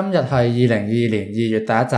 今日係二零二二年二月第一集，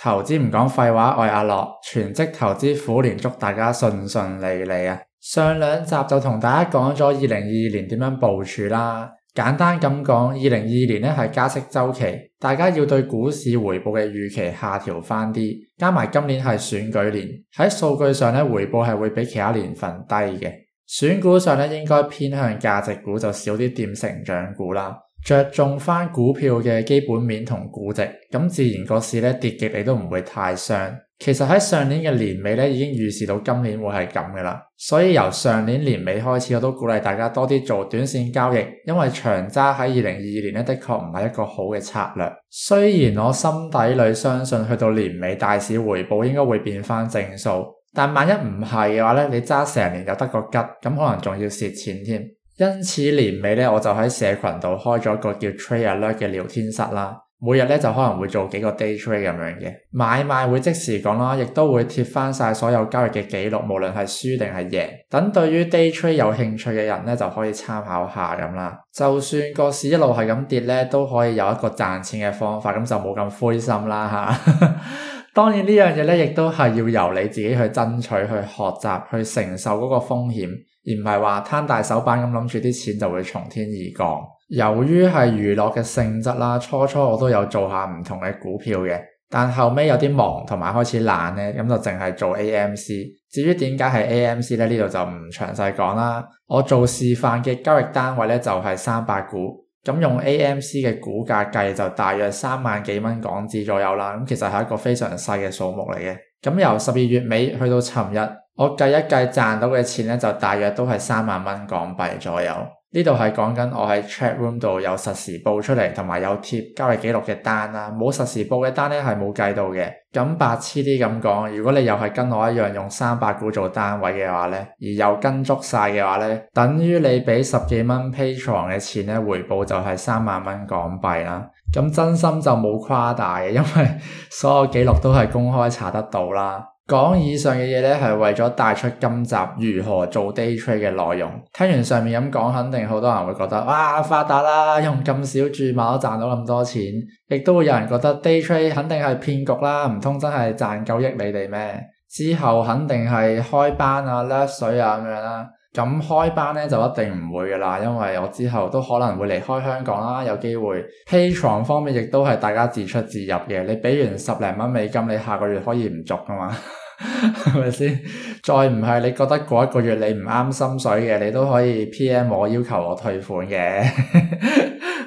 投資唔講廢話，愛阿、啊、樂全職投資虎年祝大家順順利利啊！上兩集就同大家講咗二零二二年點樣部署啦。簡單咁講，二零二二年咧係加息周期，大家要對股市回報嘅預期下調翻啲，加埋今年係選舉年，喺數據上咧回報係會比其他年份低嘅。選股上咧應該偏向價值股，就少啲掂成長股啦。着重翻股票嘅基本面同估值，咁自然個市呢跌極，你都唔會太傷。其實喺上年嘅年尾呢已經預示到今年會係咁噶啦，所以由上年年尾開始，我都鼓勵大家多啲做短綫交易，因為長揸喺二零二二年呢，的確唔係一個好嘅策略。雖然我心底裏相信去到年尾大市回報應該會變翻正數，但萬一唔係嘅話呢，你揸成年就得個吉，咁可能仲要蝕錢添。因此年尾咧，我就喺社群度開咗個叫 Trade Alert 嘅聊天室啦。每日咧就可能會做幾個 day trade 咁樣嘅買賣，會即時講啦，亦都會貼翻晒所有交易嘅記錄，無論係輸定係贏。等對於 day trade 有興趣嘅人咧，就可以參考下咁啦。就算個市一路係咁跌咧，都可以有一個賺錢嘅方法，咁就冇咁灰心啦吓。 當然呢樣嘢咧，亦都係要由你自己去爭取、去學習、去承受嗰個風險。而唔係話攤大手板咁諗住啲錢就會從天而降。由於係娛樂嘅性質啦，初初我都有做下唔同嘅股票嘅，但後尾有啲忙同埋開始懶咧，咁就淨係做 AMC。至於點解係 AMC，咧，呢度就唔詳細講啦。我做示範嘅交易單位咧就係三百股。咁用 AMC 嘅股價計，就大約三萬幾蚊港紙左右啦，咁其實係一個非常細嘅數目嚟嘅。咁由十二月尾去到尋日，我計一計賺到嘅錢呢，就大約都係三萬蚊港幣左右。呢度係講緊我喺 Chat Room 度有實時報出嚟，同埋有貼交易記錄嘅單啦，冇實時報嘅單呢，係冇計到嘅。咁白痴啲咁講，如果你又係跟我一樣用三百股做單位嘅話咧，而又跟足晒嘅話咧，等於你畀十幾蚊 Patreon 嘅錢咧，回報就係三萬蚊港幣啦。咁真心就冇誇大嘅，因為所有記錄都係公開查得到啦。講以上嘅嘢咧，係為咗帶出今集如何做 day trade 嘅內容。聽完上面咁講，肯定好多人會覺得哇發達啦，用咁少注碼都賺到咁多錢，亦都會有人覺得 day trade 肯定係騙局啦，唔通真係賺九億你哋咩？之後肯定係開班啊，甩水啊咁樣啦，啊。咁開班咧就一定唔會噶啦，因為我之後都可能會離開香港啦，有機會。Patreon 方面亦都係大家自出自入嘅，你俾完十零蚊美金，你下個月可以唔續噶嘛？係咪先？ 再唔係你覺得嗰一個月你唔啱心水嘅，你都可以 PM 我要求我退款嘅，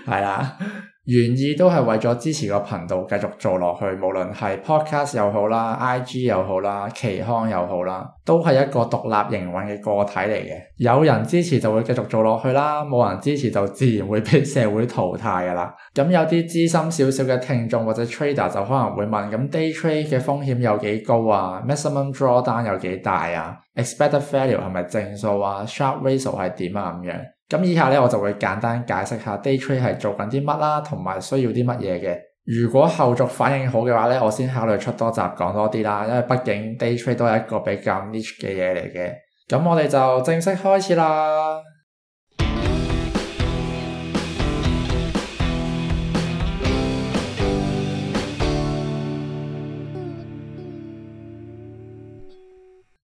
係 啦。原意都係為咗支持個頻道繼續做落去，無論係 podcast 又好啦、IG 又好啦、期康又好啦，都係一個獨立營運嘅個體嚟嘅。有人支持就會繼續做落去啦，冇人支持就自然會被社會淘汰噶啦。咁有啲資深少少嘅聽眾或者 trader 就可能會問：咁 day trade 嘅風險有幾高啊？Maximum drawdown 有幾大啊？Expected value 係咪正數啊？Sharp ratio 係點啊？咁樣。咁以下咧，我就會簡單解釋下 Day Trade 係做緊啲乜啦，同埋需要啲乜嘢嘅。如果後續反應好嘅話咧，我先考慮出多集講多啲啦，因為畢竟 Day Trade 都係一個比較 niche 嘅嘢嚟嘅。咁我哋就正式開始啦。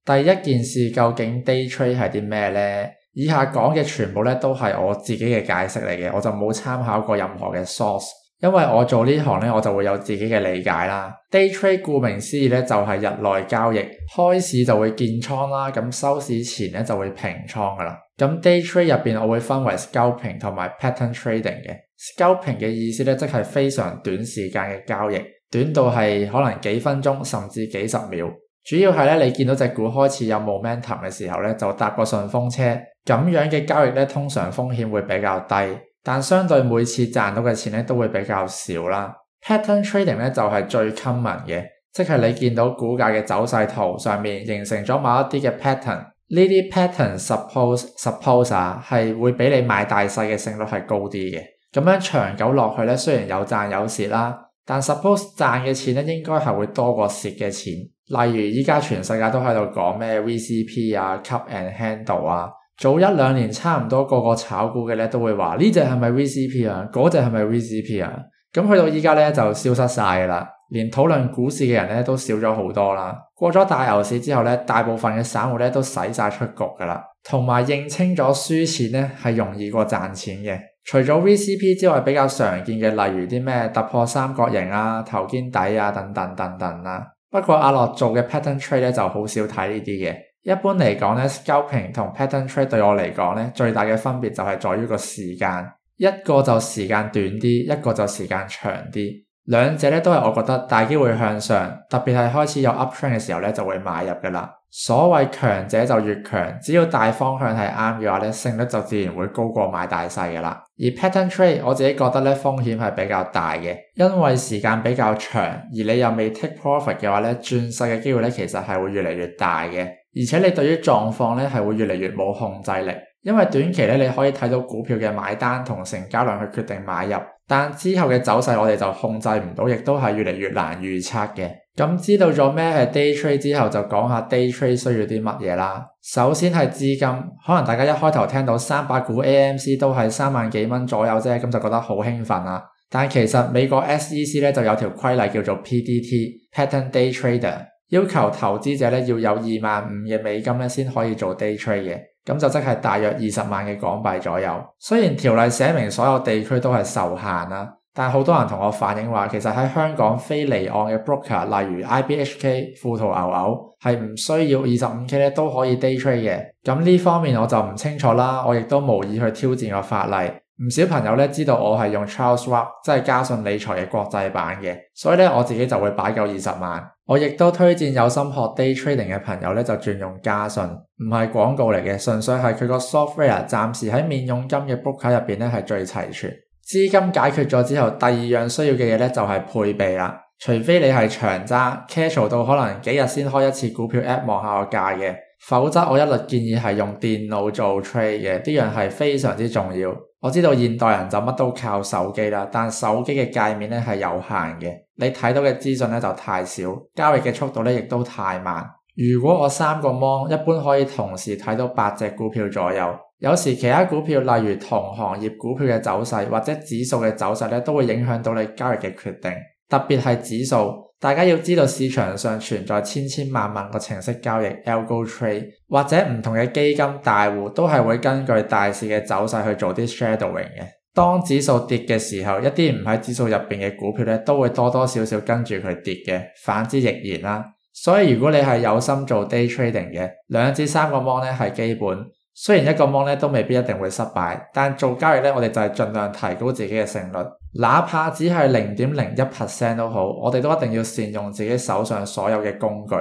第一件事，究竟 Day Trade 係啲咩咧？以下講嘅全部咧都係我自己嘅解釋嚟嘅，我就冇參考過任何嘅 source，因為我做呢行咧，我就會有自己嘅理解啦。Day trade 顧名思義咧就係日內交易，開市就會建倉啦，咁收市前咧就會平倉㗎啦。咁 day trade 入邊我會分為 scalping 同埋 pattern trading 嘅。scalping 嘅意思咧即係非常短時間嘅交易，短到係可能幾分鐘甚至幾十秒，主要係咧你見到隻股開始有 momentum 嘅時候咧就搭個順風車。咁樣嘅交易咧，通常風險會比較低，但相對每次賺到嘅錢咧都會比較少啦。Pattern trading 咧就係最 common 嘅，即係你見到股價嘅走勢圖上面形成咗某一啲嘅 pattern，呢啲 pattern suppose suppose 啊係會比你買大細嘅勝率係高啲嘅。咁樣長久落去咧，雖然有賺有蝕啦，但 suppose 賺嘅錢咧應該係會多過蝕嘅錢。例如依家全世界都喺度講咩 VCP 啊，cup and handle 啊。早一兩年差唔多個個炒股嘅咧都會話呢隻係咪 VCP 啊，嗰隻係咪 VCP 啊？咁去到依家咧就消失曬噶啦，連討論股市嘅人咧都少咗好多啦。過咗大牛市之後咧，大部分嘅散戶咧都洗曬出局噶啦，同埋認清咗輸錢咧係容易過賺錢嘅。除咗 VCP 之外，比較常見嘅例如啲咩突破三角形啊、頭肩底啊、等等等等啦，啊。不過阿樂做嘅 pattern trade 咧就好少睇呢啲嘅。一般嚟講咧，scalping 同 pattern trade 對我嚟講咧，最大嘅分別就係在於個時間，一個就時間短啲，一個就時間長啲。兩者咧都係我覺得大機會向上，特別係開始有 up trend 嘅時候咧就會買入噶啦。所謂強者就越強，只要大方向係啱嘅話咧，勝率就自然會高過買大細噶啦。而 pattern trade 我自己覺得咧風險係比較大嘅，因為時間比較長，而你又未 take profit 嘅話咧，轉勢嘅機會咧其實係會越嚟越大嘅。而且你對於狀況咧係會越嚟越冇控制力，因為短期咧你可以睇到股票嘅買單同成交量去決定買入，但之後嘅走勢我哋就控制唔到，亦都係越嚟越難預測嘅。咁知道咗咩係 day trade 之後，就講下 day trade 需要啲乜嘢啦。首先係資金，可能大家一開頭聽到三百股 AMC 都係三萬幾蚊左右啫，咁就覺得好興奮啦。但其實美國 SEC 咧就有條規例叫做 PDT Pattern Day Trader。要求投資者咧要有二萬五嘅美金咧先可以做 day trade 嘅，咁就即係大約二十萬嘅港幣左右。雖然條例寫明所有地區都係受限啦，但好多人同我反映話，其實喺香港非離岸嘅 broker，例如 IBHK、富途牛牛係唔需要二十五 k 咧都可以 day trade 嘅。咁呢方面我就唔清楚啦，我亦都無意去挑戰個法例。唔少朋友咧知道我係用 Charles Schwab，即係嘉信理財嘅國際版嘅，所以咧我自己就會擺夠二十萬。我亦都推薦有心學 day trading 嘅朋友咧，就轉用嘉信，唔係廣告嚟嘅，純粹係佢個 software 暫時喺免佣金嘅 broker 入邊咧係最齊全。資金解決咗之後，第二樣需要嘅嘢咧就係配備啦。除非你係長揸 casual 到可能幾日先開一次股票 app 望下個價嘅，否則我一律建議係用電腦做 trade 嘅，呢樣係非常之重要。我知道現代人就乜都靠手機啦，但手機嘅界面咧係有限嘅，你睇到嘅資訊咧就太少，交易嘅速度咧亦都太慢。如果我三個 mon 一般可以同時睇到八隻股票左右，有時其他股票例如同行業股票嘅走勢或者指數嘅走勢咧都會影響到你交易嘅決定。特別係指數，大家要知道市場上存在千千萬萬個程式交易 （algo trade），或者唔同嘅基金大戶都係會根據大市嘅走勢去做啲 shadowing 嘅。當指數跌嘅時候，一啲唔喺指數入邊嘅股票咧，都會多多少少跟住佢跌嘅，反之亦然啦。所以如果你係有心做 day trading 嘅，兩至三個 mon 咧係基本。雖然一個 mon 咧都未必一定會失敗，但做交易咧我哋就係盡量提高自己嘅勝率，哪怕只係零點零一 percent 都好，我哋都一定要善用自己手上所有嘅工具。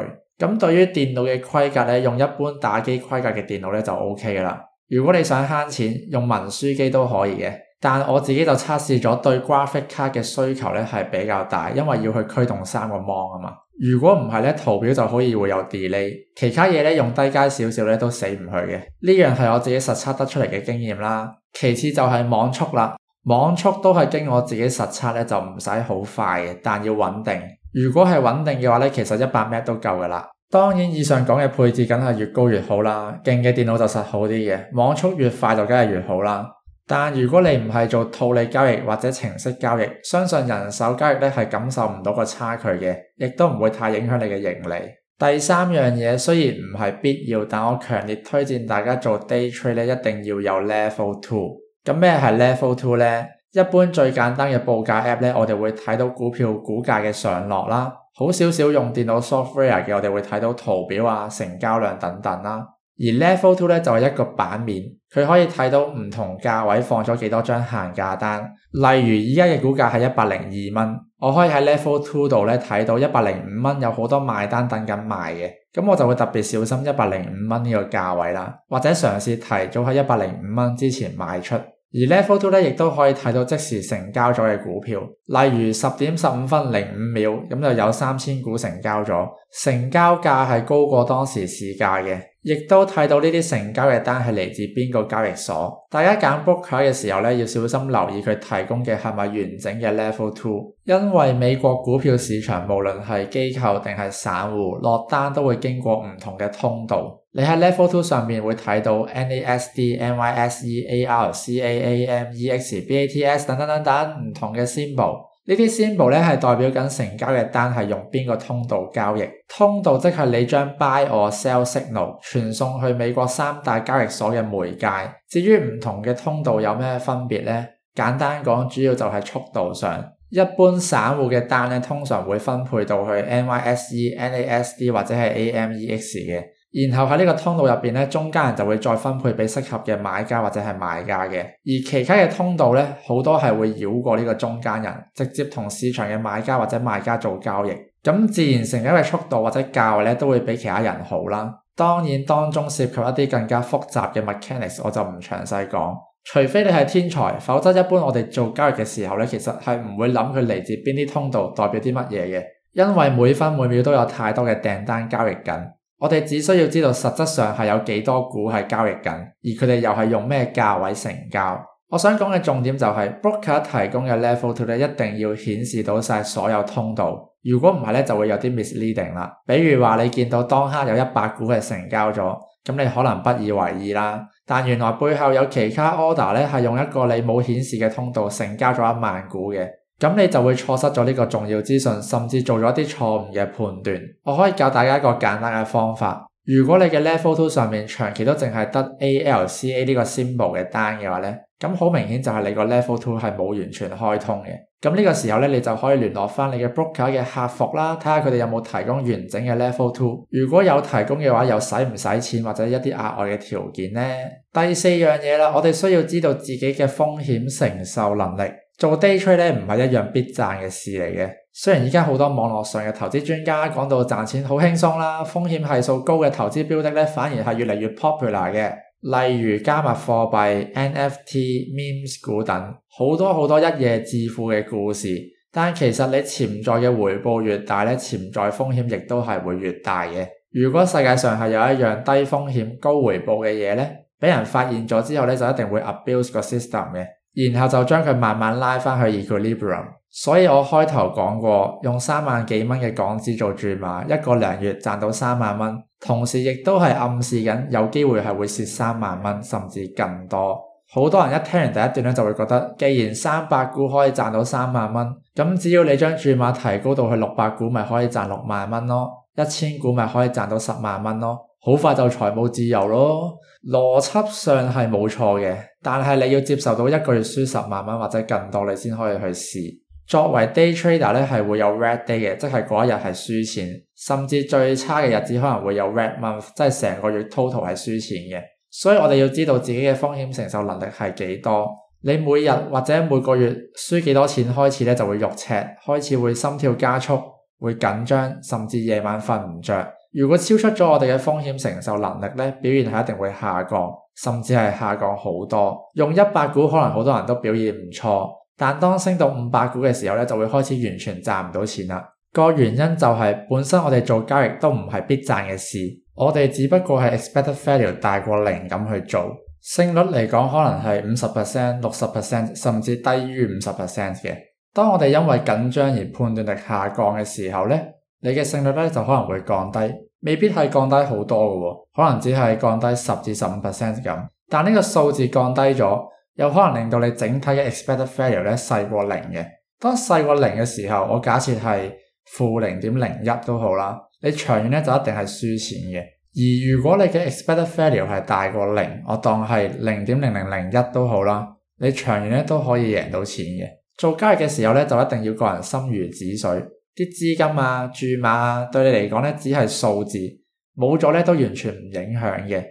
咁對於電腦嘅規格咧，用一般打機規格嘅電腦咧就 ok 㗎啦。如果你想慳錢，用文書機都可以嘅，但我自己就測試咗對 graphic 卡嘅需求咧係比較大，因為要去驅動三個 mon 啊嘛。如果唔係咧，圖表就可以會有 delay。其他嘢咧用低階少少咧都死唔去嘅。呢樣係我自己實測得出嚟嘅經驗啦。其次就係網速啦，網速都係經我自己實測咧就唔使好快嘅，但要穩定。如果係穩定嘅話咧，其實一百 Mbps 都夠噶啦。當然以上講嘅配置梗係越高越好啦，勁嘅電腦就實好啲嘅，網速越快就梗係越好啦。但如果你唔係做套利交易或者程式交易，相信人手交易咧係感受唔到個差距嘅，亦都唔會太影響你嘅盈利。第三樣嘢雖然唔係必要，但我強烈推薦大家做 day trade 咧一定要有 level two。咁咩係 level two 咧？一般最簡單嘅報價 app 咧，我哋會睇到股票股價嘅上落啦。好少少用電腦 software 嘅，我哋會睇到圖表啊、成交量等等啦。而 Level Two 咧就係、是、一個版面，佢可以睇到唔同價位放咗幾多張限價單。例如依家嘅股價係一百零二蚊，我可以喺 Level Two 度咧睇到一百零五蚊有好多買單等緊賣嘅，咁我就會特別小心一百零五蚊呢個價位啦，或者嘗試提早喺一百零五蚊之前賣出。而 Level Two 呢，亦都可以睇到即時成交咗嘅股票，例如十點十五分零五秒，咁就有三千股成交咗，成交價係高過當時市價嘅，亦都睇到呢啲成交嘅單係嚟自邊個交易所。大家揀 broker 嘅時候呢，要小心留意佢提供嘅係咪完整嘅 Level Two，因為美國股票市場無論係機構定係散戶落單都會經過唔同嘅通道。你喺 Level Two 上面會睇到 NASD NYSE、ARCA、AMEX、BATS 等等等等唔同嘅 symbol。Sy 呢啲 symbol 咧係代表緊成交嘅單係用邊個通道交易。通道即係你將 buy 或 sell signal 傳送去美國三大交易所嘅媒介。至於唔同嘅通道有咩分別咧？簡單講，主要就係速度上。一般散戶嘅單咧，通常會分配到去 NYSE、NASD 或者係 AMEX 嘅。然後喺呢個通道入邊咧，中間人就會再分配俾適合嘅買家或者係賣家嘅。而其他嘅通道咧，好多係會繞過呢個中間人，直接同市場嘅買家或者賣家做交易。咁自然成交嘅速度或者價位咧，都會比其他人好啦。當然當中涉及一啲更加複雜嘅 mechanics，我就唔詳細講。除非你係天才，否則一般我哋做交易嘅時候咧，其實係唔會諗佢嚟自邊啲通道，代表啲乜嘢嘅。因為每分每秒都有太多嘅訂單交易緊。我哋只需要知道實質上係有幾多股係交易緊，而佢哋又係用咩價位成交。我想講嘅重點就係、是、 broker 提供嘅 level two 咧，一定要顯示到晒所有通道。如果唔係咧，就會有啲 misleading 啦。比如話你見到當刻有一百股係成交咗，咁你可能不以為意啦。但原來背後有其他 order 咧，係用一個你冇顯示嘅通道成交咗一萬股嘅。咁你就會錯失咗呢個重要資訊，甚至做咗一啲錯誤嘅判斷。我可以教大家一個簡單嘅方法：如果你嘅 Level Two 上面長期都淨係得 A、L、C、A 呢個 symbol 嘅單嘅話呢，咁好明顯就係你個 Level Two 係冇完全開通嘅。咁呢個時候呢，你就可以聯絡返你嘅 broker 嘅客服啦，睇下佢哋有冇提供完整嘅 Level Two。如果有提供嘅話，又使唔使錢或者一啲額外嘅條件呢？第四樣嘢啦，我哋需要知道自己嘅風險承受能力。做 day trade 咧唔係一樣必賺嘅事嚟嘅。雖然依家好多網絡上嘅投資專家講到賺錢好輕鬆啦，風險係數高嘅投資標的咧反而係越嚟越 popular 嘅。例如加密貨幣、NFT、memes 股等，好多好多一夜致富嘅故事。但其實你潛在嘅回報越大咧，潛在風險亦都係會越大嘅。如果世界上係有一樣低風險高回報嘅嘢咧，俾人發現咗之後咧，就一定會 abuse 個 system 嘅。然後就將佢慢慢拉翻去 equilibrium。所以我開頭講過，用三萬幾蚊嘅港紙做注碼，一個兩月賺到三萬蚊，同時亦都係暗示緊有機會係會蝕三萬蚊，甚至更多。好多人一聽完第一段咧，就會覺得既然三百股可以賺到三萬蚊，咁只要你將注碼提高到去六百股，咪可以賺六萬蚊咯，一千股咪可以賺到十萬蚊咯。好快就財務自由咯，邏輯上係冇錯嘅，但係你要接受到一個月輸十萬蚊或者更多，你先可以去試。作為 day trader 咧，係會有 red day 嘅，即係嗰一日係輸錢，甚至最差嘅日子可能會有 red month，即係成個月 total 係輸錢嘅。所以我哋要知道自己嘅風險承受能力係幾多。你每日或者每個月輸幾多錢開始咧，就會肉赤，開始會心跳加速，會緊張，甚至夜晚瞓唔着。如果超出咗我哋嘅風險承受能力咧，表現係一定會下降，甚至係下降好多。用一百股可能好多人都表現唔錯，但當升到五百股嘅時候咧，就會開始完全賺唔到錢啦。個原因就係、是、本身我哋做交易都唔係必賺嘅事，我哋只不過係 expected value 大過零咁去做，勝率嚟講可能係五十 percent、六十 percent 甚至低於五十 percent 嘅。當我哋因為緊張而判斷力下降嘅時候咧。你嘅勝率咧就可能會降低，未必係降低好多嘅喎、哦，可能只係降低十至十五 percent 咁。但呢個數字降低咗，又可能令到你整體嘅 expected value 咧細過零嘅。當細過零嘅時候，我假設係負零點零一都好啦，你長遠咧就一定係輸錢嘅。而如果你嘅 expected value 係大過零，我當係零點零零零一都好啦，你長遠咧都可以贏到錢嘅。做交易嘅時候咧，就一定要個人心如止水。啲資金啊、注碼啊，對你嚟講咧，只係數字，冇咗咧都完全唔影響嘅。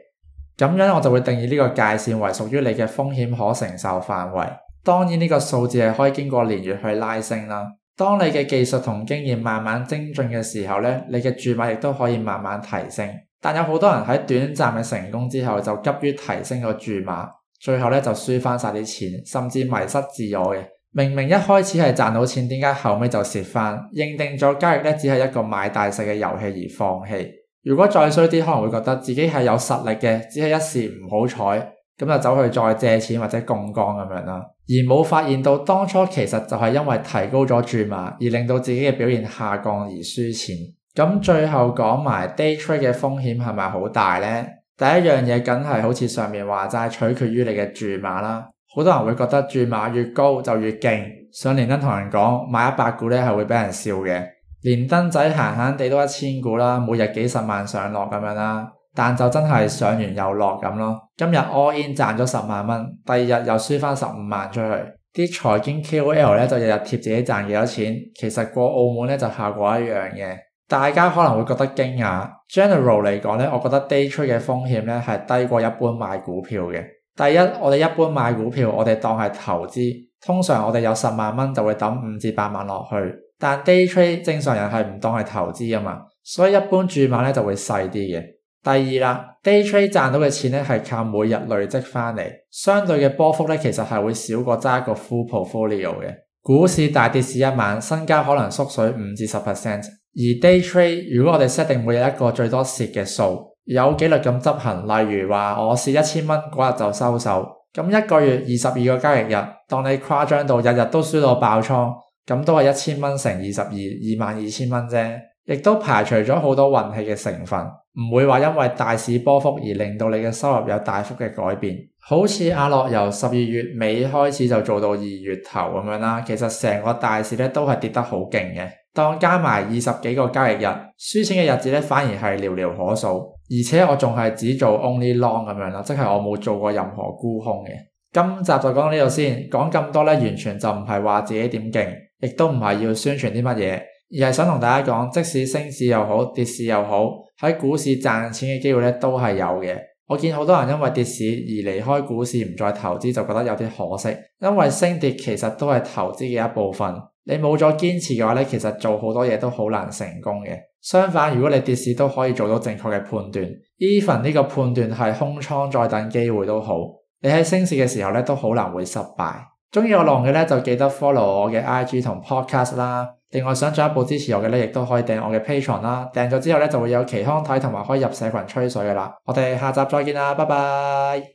咁樣我就會定義呢個界線為屬於你嘅風險可承受範圍。當然呢個數字係可以經過年月去拉升啦。當你嘅技術同經驗慢慢精進嘅時候咧，你嘅注碼亦都可以慢慢提升。但有好多人喺短暫嘅成功之後就急於提升個注碼，最後咧就輸翻晒啲錢，甚至迷失自我嘅。明明一開始係賺到錢，點解後尾就蝕翻？認定咗交易只係一個買大細嘅遊戲而放棄。如果再衰啲，可能會覺得自己係有實力嘅，只係一時唔好彩，咁就走去再借錢或者槓桿咁樣啦。而冇發現到當初其實就係因為提高咗注碼，而令到自己嘅表現下降而輸錢。咁最後講埋 day trade 嘅風險係咪好大呢？第一樣嘢梗係好似上面話齋，就是、取決於你嘅注碼啦。好多人會覺得注碼越高就越勁，上連登同人講買一百股呢係會俾人笑嘅。連登仔閒閒地都一千股啦，每日幾十萬上落咁樣啦，但就真係上完又落咁咯。今日 all in 賺咗十萬蚊，第二日又輸翻十五萬出去。啲財經 KOL 呢就日日貼自己賺幾多錢，其實過澳門呢就效果一樣嘅。大家可能會覺得驚訝，general 嚟講呢，我覺得 Daytrade 嘅風險呢係低過一般買股票嘅。第一，我哋一般買股票，我哋當係投資，通常我哋有十萬蚊就會抌五至八萬落去。但 day trade 正常人係唔當係投資噶嘛，所以一般注碼咧就會細啲嘅。第二啦，day trade 賺到嘅錢呢係靠每日累積翻嚟，相對嘅波幅呢其實係會少過揸一個 full portfolio 嘅。股市大跌市一晚，身家可能縮水五至十 percent。而 day trade 如果我哋設定每日一個最多蝕嘅數，有紀律咁執行，例如話，我試一千蚊嗰日就收手，咁一個月二十二個交易日，當你誇張到日日都輸到爆倉，咁都係一千蚊乘二十二，二萬二千蚊啫。亦都排除咗好多運氣嘅成分，唔會話因為大市波幅而令到你嘅收入有大幅嘅改變。好似阿樂由十二月尾開始就做到二月頭咁樣啦，其實成個大市呢都係跌得好勁嘅。當加埋二十幾個交易日，輸錢嘅日子呢反而係寥寥可數。而且我仲係只做 only long 咁樣啦，即係我冇做過任何沽空嘅。今集就講到呢度先，講咁多呢，完全就唔係話自己點勁，亦都唔係要宣傳啲乜嘢，而係想同大家講，即使升市又好，跌市又好，喺股市賺錢嘅機會呢都係有嘅。我見好多人因為跌市而離開股市唔再投資，就覺得有啲可惜，因為升跌其實都係投資嘅一部分。你冇咗堅持嘅話咧，其實做好多嘢都好難成功嘅。相反，如果你跌市都可以做到正確嘅判斷，even 呢個判斷係空倉再等機會都好，你喺升市嘅時候咧都好難會失敗。鍾意我浪嘅咧就記得 follow 我嘅 IG 同 podcast 啦。另外想進一步支持我嘅咧，亦都可以訂我嘅 Patreon 啦。訂咗之後咧就會有期刊睇同埋可以入社群吹水嘅啦。我哋下集再見啦，拜拜。